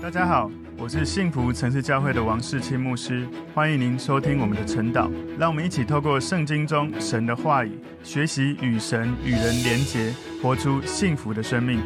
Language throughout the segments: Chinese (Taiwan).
大家好，我是幸福城市教會的王世清牧師，歡迎您收聽我們的晨禱。讓我們一起透過聖經中神的話語，學習與神與人連結，活出幸福的生命。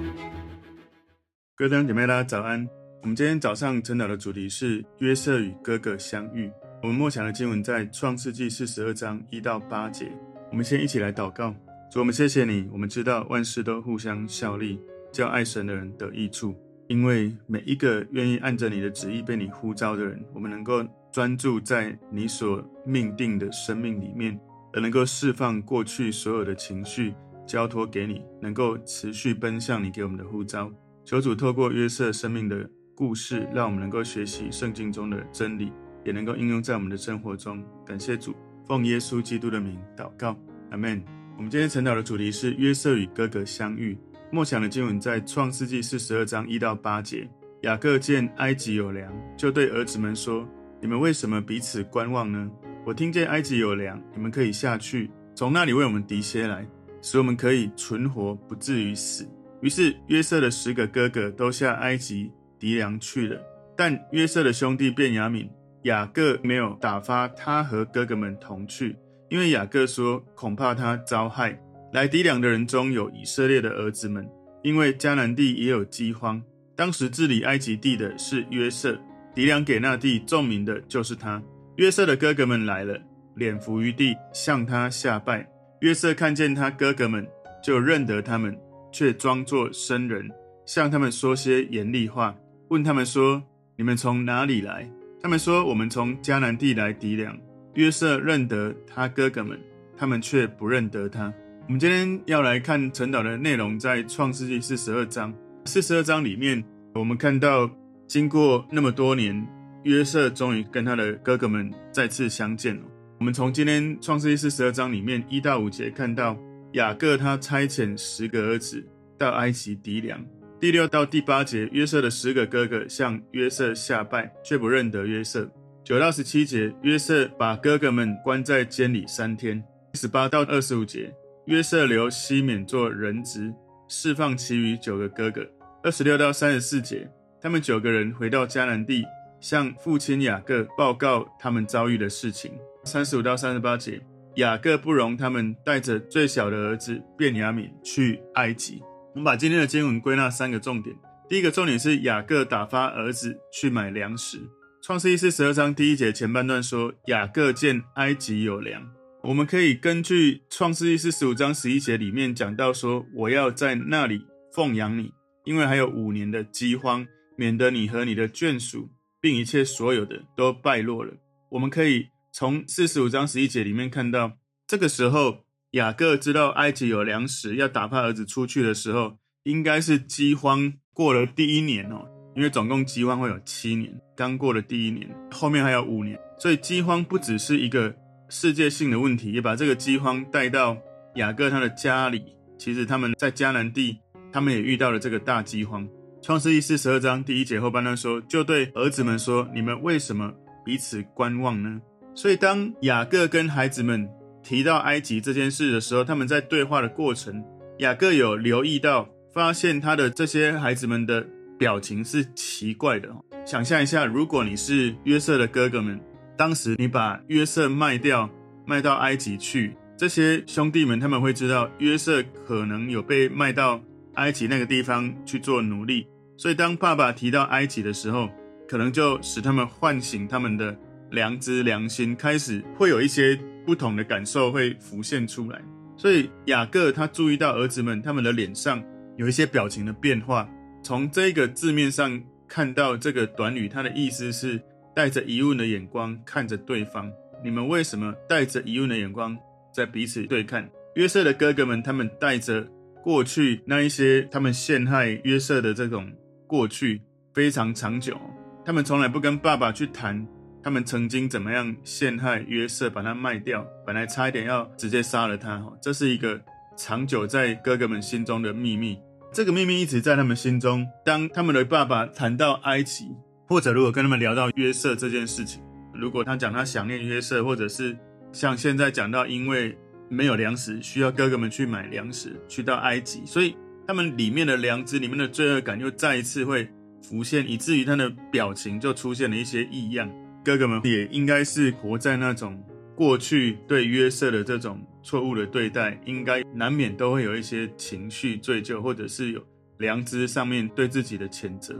各位弟兄姐妹，大家早安。我們今天早上晨禱的主題是約瑟與哥哥相遇。我們默想的經文在創世紀四十二章一到八節。我們先一起來禱告：主，我們謝謝你，我們知道萬事都互相效力，叫愛神的人得益處。因為每一個願意按着你的旨意被你呼召的人，我們能夠專注在你所命定的生命裡面，而能夠釋放過去所有的情緒，交託給你，能夠持續奔向你給我們的呼召。求主透過約瑟生命的故事，讓我們能夠學習聖經中的真理，也能夠應用在我們的生活中。感謝主，奉耶穌基督的名禱告，阿門。我們今天晨禱的主題是約瑟與哥哥相遇。默想的經文在創世紀四十二章一到八節。雅各見埃及有糧，就對兒子們說：“你們為什麼彼此觀望呢？我聽見埃及有糧，你們可以下去，從那裡為我們糴些來，使我們可以存活，不至於死。”於是約瑟的十個哥哥都下埃及糴糧去了。但約瑟的兄弟便雅憫，雅各沒有打發他和哥哥們同去，因為雅各說：“恐怕他遭害。”來糴糧的人中有以色列的兒子們，因為迦南地也有饑荒。當時治理埃及地的是約瑟，糴糧給那地眾民的就是他。約瑟的哥哥們來了，臉伏於地，向他下拜。約瑟看見他哥哥們，就認得他們，卻裝作生人，向他們說些嚴厲話，問他們說：“你們從哪裡來？”他們說：“我們從迦南地來糴糧。”約瑟認得他哥哥們，他們卻不認得他。我們今天要來看晨禱的內容在，在創世記四十二章，四十二章裡面，我們看到經過那麼多年，約瑟終於跟他的哥哥們再次相見了。我們從今天創世記四十二章裡面一到五節看到雅各他差遣十個兒子到埃及籴糧，第六到第八節約瑟的十個哥哥向約瑟下拜，卻不認得約瑟。九到十七節約瑟把哥哥們關在監裡三天，十八到二十五節。約瑟留西緬做人質，釋放其餘九個哥哥。二十六到三十四節，他們九個人回到迦南地，向父親雅各報告他們遭遇的事情。三十五到三十八節，雅各不容他們帶着最小的兒子便雅憫去埃及。我們把今天的經文歸納三個重點。第一個重點是雅各打發兒子去買糧食。創世記四十二章第一節前半段說，雅各見埃及有糧。我們可以根據《創世記》四十五章十一節裡面講到說：“我要在那裡奉養你，因為還有五年的饑荒，免得你和你的眷屬，並一切所有的都敗落了。”我們可以從四十五章十一節裡面看到，這個時候雅各知道埃及有糧食，要打發兒子出去的時候，應該是饑荒過了第一年哦，因為總共饑荒會有七年，剛過了第一年，後面還有五年，所以饑荒不只是一個。世界性的問題也把這個饑荒帶到雅各他的家裡。其實他們在迦南地，他們也遇到了這個大饑荒。創世記四十二章第一節後半段說：“就對兒子們說，你們為什麼彼此觀望呢？”所以當雅各跟孩子們提到埃及這件事的時候，他們在對話的過程，雅各有留意到，發現他的這些孩子們的表情是奇怪的。想象一下，如果你是約瑟的哥哥們。當時你把約瑟賣掉，賣到埃及去，這些兄弟們他們會知道約瑟可能有被賣到埃及那個地方去做奴隸，所以當爸爸提到埃及的時候，可能就使他們喚醒他們的良知、良心，開始會有一些不同的感受會浮現出來。所以雅各他注意到兒子們他們的臉上有一些表情的變化，從這個字面上看到這個短語，它的意思是。帶着疑問的眼光看着對方，你們為什麼帶着疑問的眼光在彼此對看？約瑟的哥哥們，他們帶着過去那一些他們陷害約瑟的這種過去非常長久，他們從來不跟爸爸去談他們曾經怎麼樣陷害約瑟，把他賣掉，本來差一點要直接殺了他。這是一個長久在哥哥們心中的秘密，這個秘密一直在他們心中。當他們的爸爸談到埃及。或者，如果跟他們聊到約瑟這件事情，如果他講他想念約瑟，或者是像現在講到因為沒有糧食需要哥哥們去買糧食，去到埃及，所以他們裡面的良知、裡面的罪惡感又再一次會浮現，以至於他的表情就出現了一些異樣。哥哥們也應該是活在那種過去對約瑟的這種錯誤的對待，應該難免都會有一些情緒罪疚，或者是有良知上面對自己的譴責。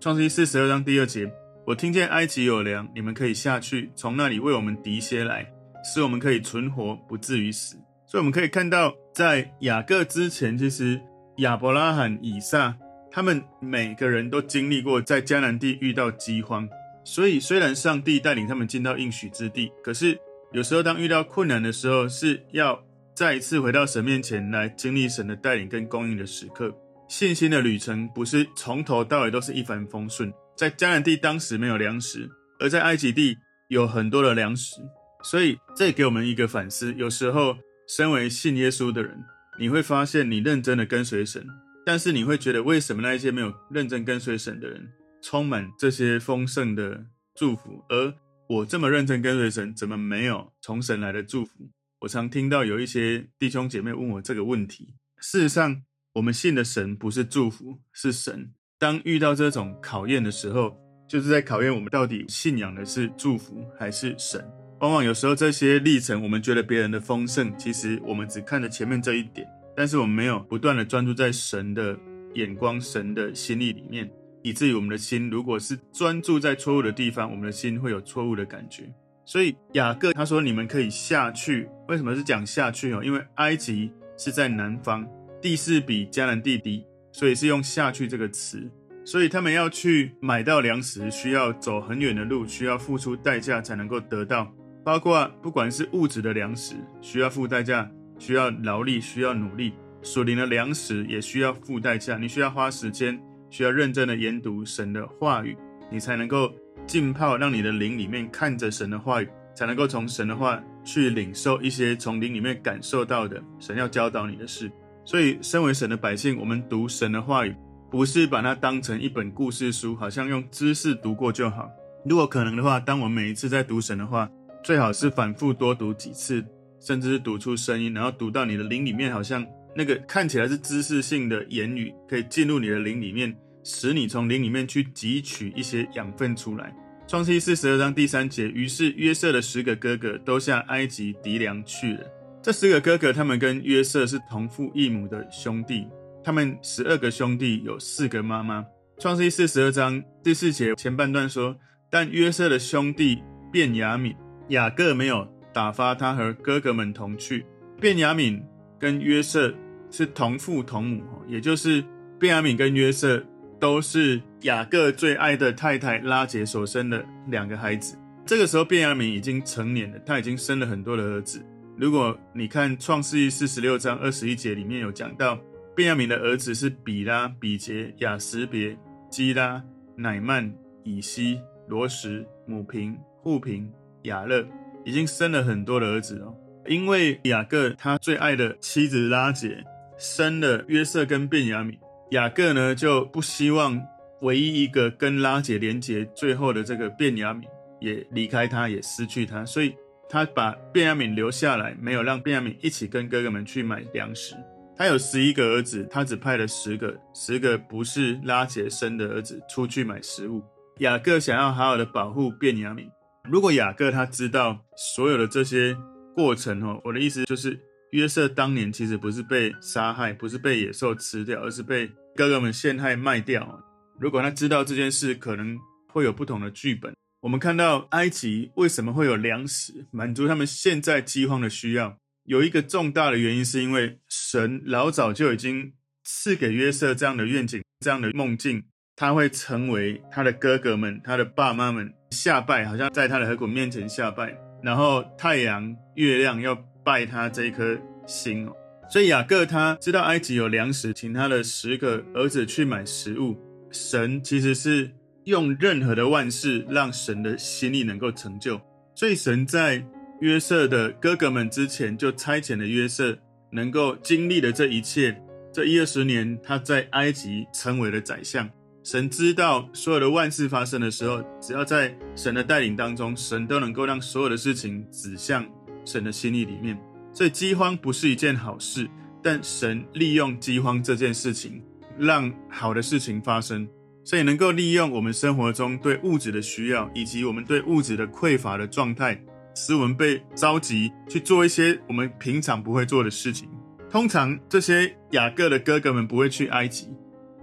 創世記四十二章第二節，我聽見埃及有糧，你們可以下去，從那裡為我們糴些來，使我們可以存活，不至於死。所以我們可以看到，在雅各之前，其實亞伯拉罕、以撒，他們每個人都經歷過在迦南地遇到饑荒。所以，雖然上帝帶領他們進到應許之地，可是有時候當遇到困難的時候，是要再一次回到神面前來經歷神的帶領跟供應的時刻。信心的旅程不是從頭到尾都是一帆風順。在迦南地，當時沒有糧食；而在埃及地，有很多的糧食。所以，這也給我們一個反思：有時候，身為信耶穌的人，你會發現你認真的跟隨神，但是你會覺得，為什麼那一些沒有認真跟隨神的人，充滿這些豐盛的祝福，而我這麼認真跟隨神，怎麼沒有從神來的祝福？我常聽到有一些弟兄姐妹問我這個問題。事實上，我們信的神不是祝福，是神。當遇到這種考驗的時候，就是在考驗我們到底信仰的是祝福還是神。往往有時候這些歷程，我們覺得別人的豐盛，其實我們只看了前面這一點，但是我們沒有不斷地專注在神的眼光、神的心意裡面，以至於我們的心如果是專注在錯誤的地方，我們的心會有錯誤的感覺。所以雅各他說：“你們可以下去。”為什麼是講下去哦？因為埃及是在南方。地勢比迦南地低，所以是用下去這個詞。所以他們要去買到糧食，需要走很遠的路，需要付出代價才能夠得到。包括不管是物質的糧食，需要付代價，需要勞力，需要努力；屬靈的糧食也需要付代價，你需要花時間，需要認真的研讀神的話語，你才能夠浸泡，讓你的靈裡面看着神的話語，才能夠從神的話去領受一些從靈裡面感受到的神要教導你的事。所以，身為神的百姓，我們讀神的話語，不是把它當成一本故事書，好像用知識讀過就好。如果可能的話，當我們每一次在讀神的話，最好是反復多讀幾次，甚至是讀出聲音，然後讀到你的靈裡面，好像那個看起來是知識性的言語，可以進入你的靈裡面，使你從靈裡面去汲取一些養分出來。創世記四十二章第三節，於是約瑟的十個哥哥都向埃及糴糧去了。這十個哥哥，他們跟約瑟是同父異母的兄弟。他們十二個兄弟有四個媽媽。創世記四十二章第四節前半段說：“但約瑟的兄弟便雅憫，雅各沒有打發他和哥哥們同去。便雅憫跟約瑟是同父同母，也就是便雅憫跟約瑟都是雅各最愛的太太拉結所生的兩個孩子。這個時候，便雅憫已經成年了，他已經生了很多的兒子。”如果你看《創世記》四十六章二十一節，裡面有講到，便雅憫的兒子是比拉、比杰、雅示別、基拉、乃曼、以西、羅什、母平、戶平、雅勒，已經生了很多的兒子哦。因為雅各他最愛的妻子拉結生了約瑟跟便雅憫，雅各呢就不希望唯一一個跟拉結連結最後的這個便雅憫也離開他，也失去他，所以。他把便雅憫留下來，沒有讓便雅憫一起跟哥哥們去買糧食。他有十一個兒子，他只派了十個，十個不是拉結生的兒子出去買食物。雅各想要好好的保護便雅憫，如果雅各他知道所有的這些過程哦，我的意思就是，約瑟當年其實不是被殺害，不是被野獸吃掉，而是被哥哥們陷害賣掉。如果他知道這件事，可能會有不同的劇本。我們看到埃及為什麼會有糧食，滿足他們現在饑荒的需要？有一個重大的原因，是因為神老早就已經賜給約瑟這樣的願景、這樣的夢境，他會成為他的哥哥們、他的爸媽們下拜，好像在他的禾捆面前下拜，然後太陽、月亮要拜他這一顆星哦。所以雅各他知道埃及有糧食，請他的十個兒子去買食物，神其實是。用任何的萬事，讓神的心意能夠成就。所以，神在約瑟的哥哥們之前就差遣了約瑟，能夠經歷的這一切。這一二十年，他在埃及成為了宰相。神知道所有的萬事發生的時候，只要在神的帶領當中，神都能夠讓所有的事情指向神的心意裡面。所以，饑荒不是一件好事，但神利用饑荒這件事情，讓好的事情發生。這也能夠利用我們生活中對物質的需要，以及我們對物質的匱乏的狀態，使我們被召集去做一些我們平常不會做的事情。通常這些雅各的哥哥們不會去埃及，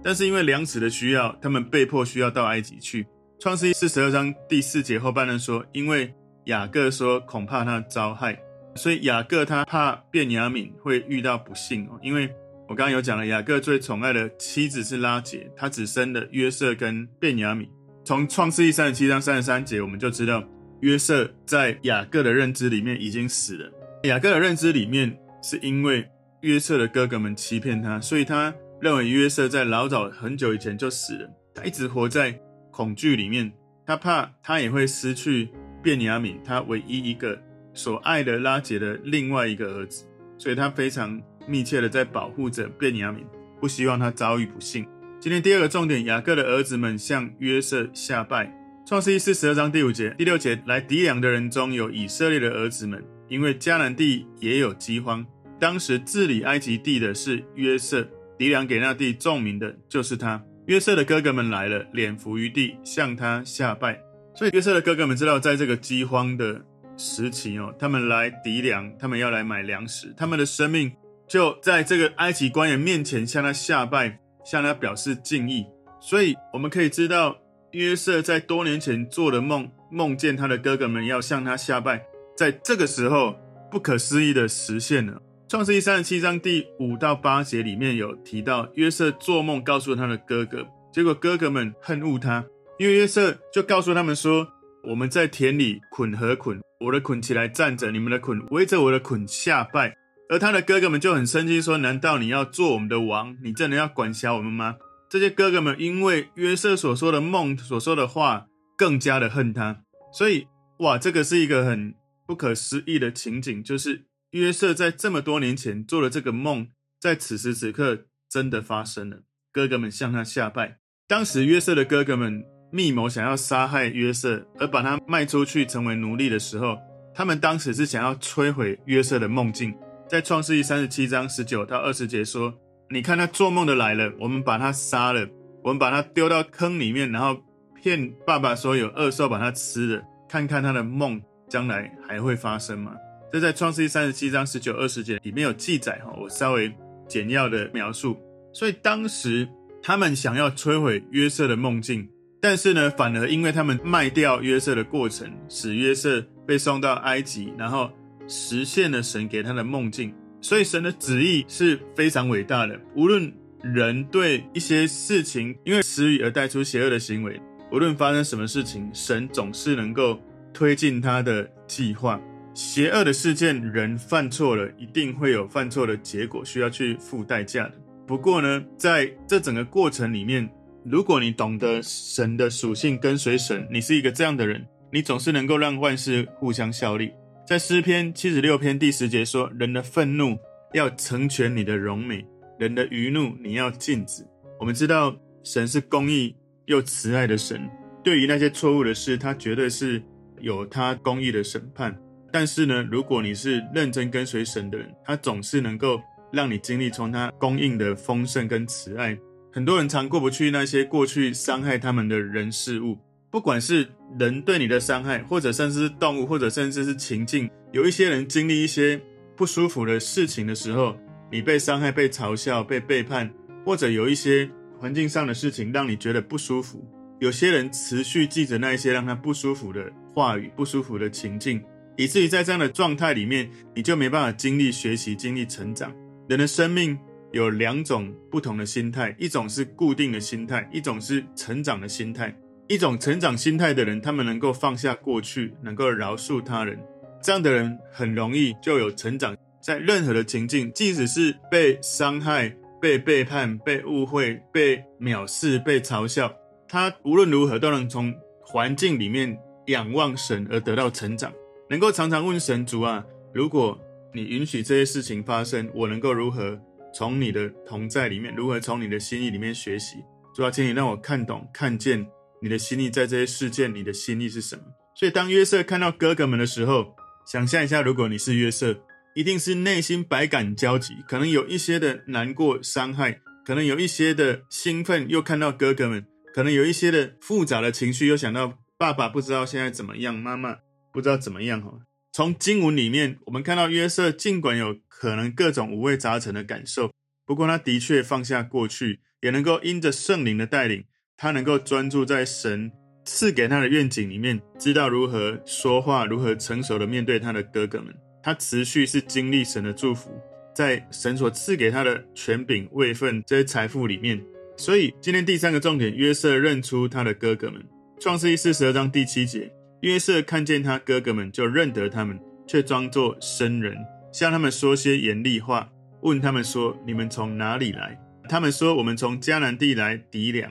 但是因為糧食的需要，他們被迫需要到埃及去。創世記四十二章第四節後半段說：“因為雅各說恐怕他遭害，所以雅各他怕便雅憫會遇到不幸，因為。”我剛剛有講了，雅各最寵愛的妻子是拉結，他只生了約瑟跟便雅憫。從創世記三十七章三十三節，我們就知道約瑟在雅各的認知裡面已經死了。雅各的認知裡面，是因為約瑟的哥哥們欺騙他，所以他認為約瑟在老早很久以前就死了。他一直活在恐懼裡面，他怕他也會失去便雅憫。他唯一一個所愛的拉結的另外一個兒子，所以他非常。密切的在保護着便雅憫，不希望他遭遇不幸。今天第二個重點，雅各的兒子們向約瑟下拜。創世記四十二章第五節、第六節，來糴糧的人中有以色列的兒子們，因為迦南地也有饑荒。當時治理埃及地的是約瑟，糴糧給那地眾民的就是他。約瑟的哥哥們來了，臉伏於地，向他下拜。所以約瑟的哥哥們知道，在這個饑荒的時期哦，他們來糴糧，他們要來買糧食，他們的生命。就在這個埃及官員面前向他下拜，向他表示敬意。所以我們可以知道，約瑟在多年前做的夢，夢見他的哥哥們要向他下拜，在這個時候，不可思議地實現了。創世記三十七章第五到八節裡面有提到，約瑟做夢告訴他的哥哥，結果哥哥們恨惡他，因為約瑟就告訴他們說：“我們在田裡捆禾捆，我的捆起來站着，你們的捆圍着我的捆下拜。”而他的哥哥們就很生氣，說：“難道你要做我們的王？你真的要管轄我們嗎？”這些哥哥們因為約瑟所說的夢、所說的話，更加的恨他。所以，哇，這個是一個很不可思議的情景，就是約瑟在這麼多年前做的這個夢，在此時此刻真的發生了。哥哥們向他下拜。當時約瑟的哥哥們密謀想要殺害約瑟，而把他賣出去成為奴隸的時候，他們當時是想要摧毀約瑟的夢境。在創世記三十七章十九到二十節說：“你看他做夢的來了，我們把他殺了，我們把他丟到坑裡面，然後騙爸爸說有惡獸把他吃了，看看他的夢將來還會發生嗎？”這在創世記三十七章十九二十節裡面有記載哈，我稍微簡要的描述。所以當時他們想要摧毀約瑟的夢境，但是呢，反而因為他們賣掉約瑟的過程，使約瑟被送到埃及，然後。實現了神給他的夢境，所以神的旨意是非常偉大的。無論人對一些事情因為私欲而帶出邪惡的行為，無論發生什麼事情，神總是能夠推進他的計劃。邪惡的事件，人犯錯了，一定會有犯錯的結果，需要去付代價的。不過呢，在這整個過程裡面，如果你懂得神的屬性，跟隨神，你是一個這樣的人，你總是能夠讓萬事互相效力。在詩篇七十六篇第十節說：“人的憤怒要成全你的榮美，人的餘怒你要禁止。”我們知道神是公義又慈愛的神，對於那些錯誤的事，他絕對是有他公義的審判。但是呢，如果你是認真跟隨神的人，他總是能夠讓你經歷從他供應的豐盛跟慈愛。很多人常過不去那些過去傷害他們的人事物。不管是人對你的傷害，或者甚至是動物，或者甚至是情境，有一些人經歷一些不舒服的事情的時候，你被傷害、被嘲笑、被背叛，或者有一些環境上的事情讓你覺得不舒服。有些人持續記着那一些讓他不舒服的話語、不舒服的情境，以至於在這樣的狀態裡面，你就沒辦法經歷學習、經歷成長。人的生命有兩種不同的心態，一種是固定的心態，一種是成長的心態。一種成長心態的人，他們能夠放下過去，能夠饒恕他人。這樣的人很容易就有成長。在任何的情境，即使是被傷害、被背叛、被誤會、被藐視、被嘲笑，他無論如何都能從環境裡面仰望神而得到成長。能夠常常問神主啊：如果你允許這些事情發生，我能夠如何從你的同在裡面，如何從你的心意裡面學習？主啊，請你讓我看懂、看見。你的心意在這些事件，你的心意是什麼？所以，當約瑟看到哥哥們的時候，想象一下，如果你是約瑟，一定是內心百感交集，可能有一些的難過、傷害，可能有一些的興奮，又看到哥哥們，可能有一些的複雜的情緒，又想到爸爸不知道現在怎麼樣，媽媽不知道怎麼樣。哈，從經文裡面，我們看到約瑟儘管有可能各種五味雜陳的感受，不過他的確放下過去，也能夠因着聖靈的帶領。他能夠專注在神賜給他的願景裡面，知道如何說話，如何成熟的面對他的哥哥們。他持續是經歷神的祝福，在神所賜給他的權柄、位份這些財富裡面。所以今天第三個重點，約瑟認出他的哥哥們。創世記四十二章第七節，約瑟看見他哥哥們，就認得他們，卻裝作生人，向他們說些嚴厲話，問他們說：“你們從哪裡來？”他們說：“我們從迦南地來，糴糧。”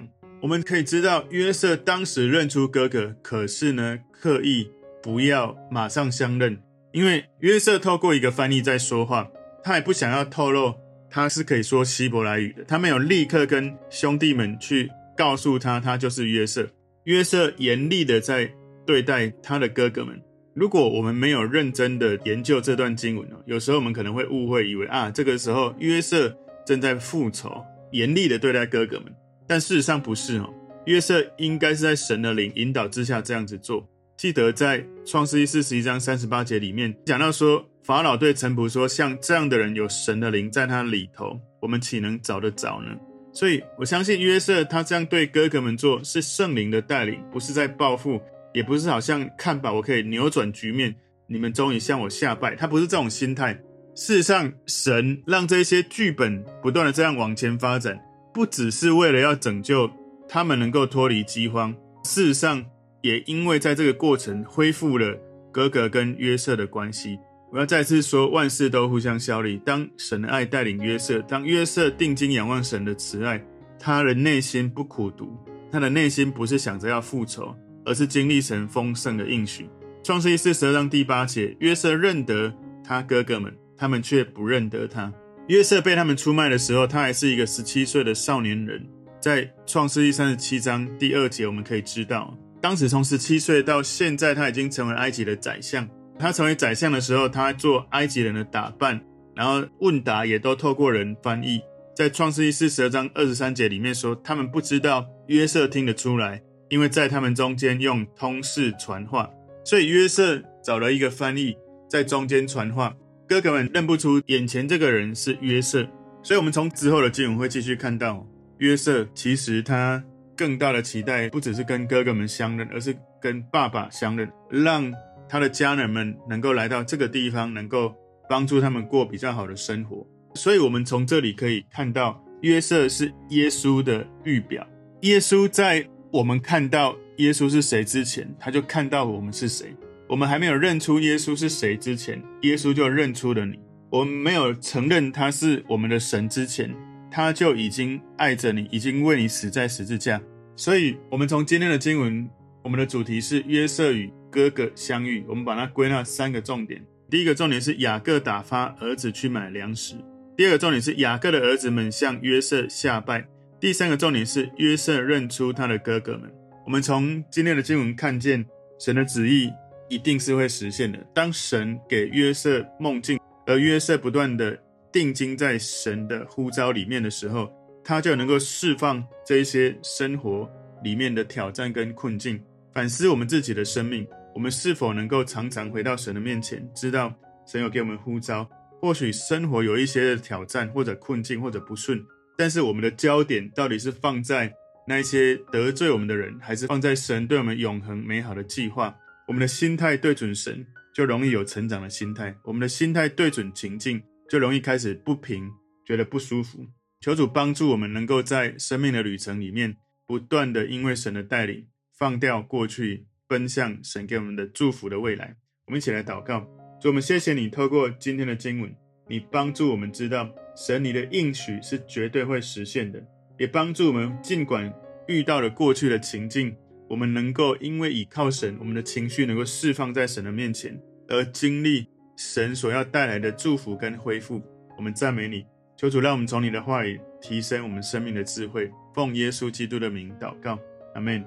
我們可以知道，約瑟當時認出哥哥，可是呢，刻意不要馬上相認，因為約瑟透過一個翻譯在說話，他也不想要透露他是可以說希伯來語的，他沒有立刻跟兄弟們去告訴他他就是約瑟。約瑟嚴厲的在對待他的哥哥們。如果我們沒有認真的研究這段經文啊，有時候我們可能會誤會，以為啊，這個時候約瑟正在復仇，嚴厲的對待哥哥們。但事實上不是哦，約瑟應該是在神的靈引導之下這樣子做。記得在創世記四十一章三十八節裡面講到說，法老對臣僕說：“像這樣的人有神的靈在他裡頭，我們豈能找得着呢？”所以我相信約瑟他這樣對哥哥們做是聖靈的帶領，不是在報復，也不是好像看吧，我可以扭轉局面，你們終於向我下拜。他不是這種心態。事實上，神讓這些劇本不斷的這樣往前發展。不只是為了要拯救他們能夠脫離饑荒，事實上也因為在這個過程恢復了哥哥跟約瑟的關係。我要再次說，萬事都互相效力。當神的愛帶領約瑟，當約瑟定睛仰望神的慈愛，他的內心不苦毒，他的內心不是想着要復仇，而是經歷神豐盛的應許。創世記四十二章第八節，約瑟認得他哥哥們，他們卻不認得他。約瑟被他們出賣的時候，他還是一個十七歲的少年人。在創世記三十七章第二節，我們可以知道，當時從十七歲到現在，他已經成為埃及的宰相。他成為宰相的時候，他做埃及人的打扮，然後問答也都透過人翻譯。在創世記四十二章二十三節裡面說，他們不知道約瑟聽得出來，因為在他們中間用通事傳話，所以約瑟找了一個翻譯在中間傳話。哥哥們認不出眼前這個人是約瑟，所以我們從之後的經文會繼續看到約瑟。其實他更大的期待不只是跟哥哥們相認，而是跟爸爸相認，讓他的家人們能夠來到這個地方，能夠幫助他們過比較好的生活。所以我們從這裡可以看到，約瑟是耶穌的預表。耶穌在我們看到耶穌是誰之前，他就看到我們是誰。我們還沒有認出耶穌是誰之前，耶穌就認出了你。我們沒有承認他是我們的神之前，他就已經愛着你，已經為你死在十字架。所以，我們從今天的經文，我們的主題是約瑟與哥哥相遇。我們把它歸納三個重點：第一個重點是雅各打發兒子去買糧食；第二個重點是雅各的兒子們向約瑟下拜；第三個重點是約瑟認出他的哥哥們。我們從今天的經文看見神的旨意一定是會實現的。當神給約瑟夢境，而約瑟不斷地定睛在神的呼召裡面的時候，他就能夠釋放這一些生活裡面的挑戰跟困境，反思我們自己的生命。我們是否能夠常常回到神的面前，知道神有給我們呼召？或許生活有一些挑戰或者困境或者不順，但是我們的焦點到底是放在那些得罪我們的人，還是放在神對我們永恆美好的計劃？我們的心態對準神，就容易有成長的心態；我們的心態對準情境，就容易開始不平，覺得不舒服。求主幫助我們，能夠在生命的旅程裡面，不斷的因為神的帶領，放掉過去，奔向神給我們的祝福的未來。我們一起來禱告，主，我們謝謝你透過今天的經文，你幫助我們知道神你的應許是絕對會實現的，也幫助我們儘管遇到了過去的情境。我們能夠因為倚靠神，我們的情緒能夠釋放在神的面前，而經歷神所要帶來的祝福跟恢復。我們讚美你，求主讓我們從你的話語提升我們生命的智慧。奉耶穌基督的名禱告，阿門。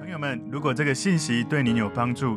朋友們，如果這個信息對你有幫助，